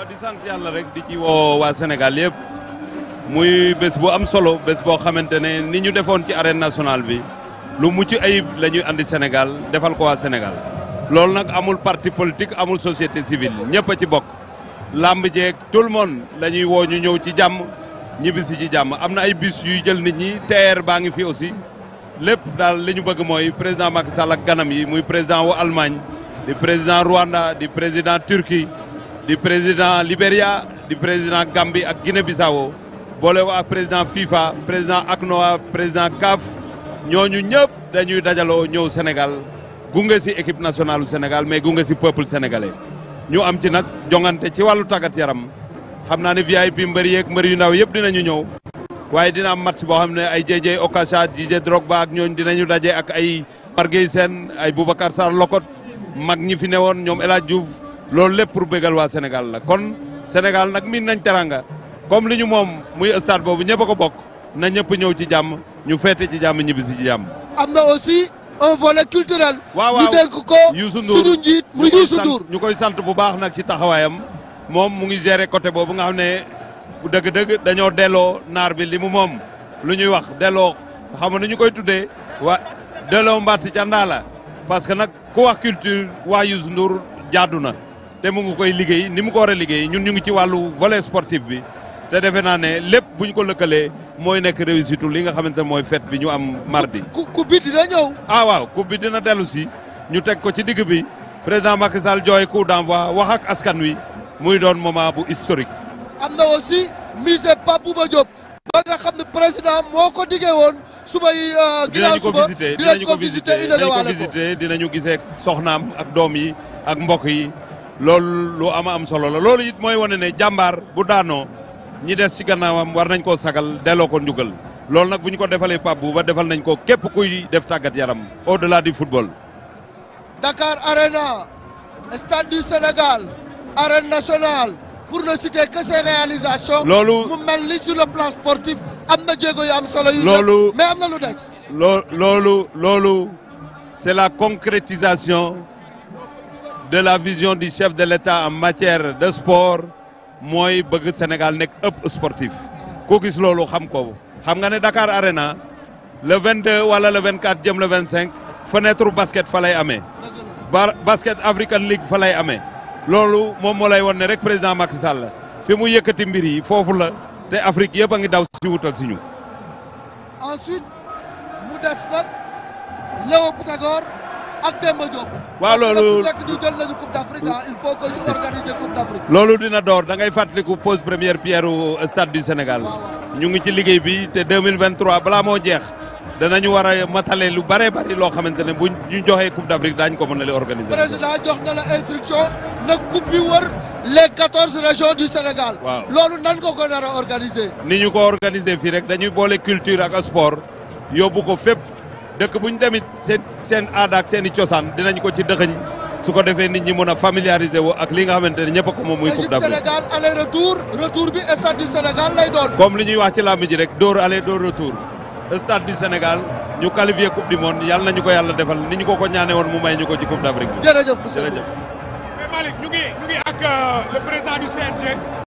waaw di sant yàlla rek di ci woo waa Sénégal yëpp muy bés bu am solo bés boo xamante ne ni ñu defoon ci arène nationale bi lu mucc ayib la ñuy andi Sénégal defal ko waa Sénégal loolu nag amul parti politique amul société civile ñëpp a ci bokk làmb jeeg tout le monde la ñuy woo ñu ñëw ci jàmm ñibbisi ci jàmm am na ay bus yuy jël nit ñi TER baa ngi fi aussi lépp daal li ñu bëgg mooy président Macky Sall ak yi muy président wu Allemagne di président Rwanda di président Turquie di président Libéria di président Gambie ak Guinée-Bissau boole ko ak président FIFA président ACNOA président CAF ñooñu ñëpp dañuy dajaloo ñëw Sénégal gunge si équipe nationale Sénégal mais gunge si peuple sénégalais ñu am ci nag jongante ci wàllu tàggat yaram xam naa ne VIP mbër yeeg mbër yu ndaw yëpp dinañu ñëw waaye dina am match boo xam ne ay JJ Okocha JJ Drogba ak ñooñu dinañu daje ak ay Marguerite Sène ay Boubacar Sarr Lokot mag ñi fi newoon ñoom El Hadj Diouf loolu lépp pour bégal waa Sénégal la kon Sénégal nag min nañ teranga comme li ñu moom muy stade boobu ñëpp a ko bokk na ñëpp ñëw ci jàmm ñu feete ci jàmm ñibbisi ci jàmm. am aussi un volet culturel. waaw waaw ñu dénk ko suñu njiit mu Youssou ñu koy sant bu baax nag ci taxawaayam moom mu ngi gérer côté boobu nga xam ne dëgg-dëgg dañoo delloo naar bi li mu moom lu ñuy wax delloo xam na ñu koy tuddee waa delloo mbatt ca ndaa parce que nag ku wax culture waa Youssou Ndour jaadu na. te mu ngi koy liggéey ni mu ko war liggéey ñun ñu ngi ci wàllu vole sportif bi te defe naa ne lépp bu ñu ko lëkkalee mooy nekk réussite li nga xamante ne mooy fête bi ñu am mar bi ku bi dina ñëw. ah waaw ku bi dina dellu si ñu teg ko ci digg bi président Macky Sall jooy coup d'envoi wax ak askan wi muy doon moment bu historique. am na aussi musée Pape Bouba Diop. ba nga xam président moo ko diggee woon suba yi. Euh, ginnaaw suba dinañ ko visiter dinañ ko visiter dinañ ko gisee soxnaam ak doom yi ak mbokk yi. loolu lu am am solo la loolu it mooy wane ne jàmbaar bu daanoo ñi des ci gannaawam war nañ koo sagal delloo ko njugal loolu nag bu ñu ko defalee Pape ba defal nañ ko képp kuy def tàggat yaram au delà du football. Dakar Arena stade du Sénégal arène nationale pour ne citer que ses réalisations. loolu mu mel ni su le plan sportif am na jéego yu am solo. yu mais am na lu des. loolu loolu c'est la concrétisation. de la vision du chef de l'État en matière de sport mooy bëgg Sénégal nekk ëpp sportif ku gis loolu xam ko xam nga ne Dakar Arena le 22 wala le quatre jëm le cinq fenêtre basket fa lay amee basket African League fa lay amee loolu moom moo lay won ne rek président Macky Sall fi mu yëkkati mbir yi foofu la te Afrique yëpp a ngi daw si wutal si ñu ensuite mu des nag Léopold Senghor ak Demba Diop. waaw ah, loolu dina door da ngay fàttaliku pose première pierre au euh, stade du Sénégal. ñu ngi ci liggéey bi te 2023 balaa moo jeex. danañu war a matale lu bare bari loo xamante ne bu ñu joxee Coupe d'Afrique daañ ko mën a leen organiser. président jox na la instruction na coupe wër les quatorze du Sénégal. waaw loolu nan ko ko nar a ni ñu ko organiser fii rek dañuy boole culture ak sport yóbbu ko fépp. dëkk bu ñu demit seen seen aada ak seen i cosaan dinañ ko ci dëxëñ su ko defee nit ñi mën a familiariser wo ak li nga xamante ne ñëpp a ko moom muy coupe d'Afrique Sénégal aller retour retour bi stade du Sénégal lay doon comme li ñuy wax ci làmb ji rek dóor aller dóor retour stade du Sénégal ñu qualifié coupe du monde yàlla nañu ko yàlla defal ni ñu ko ko ñaane woon mu may ñu ko ci coupe d'Afrique bi jërëjëf monsieur ñu ngi ak euh, le président du CNG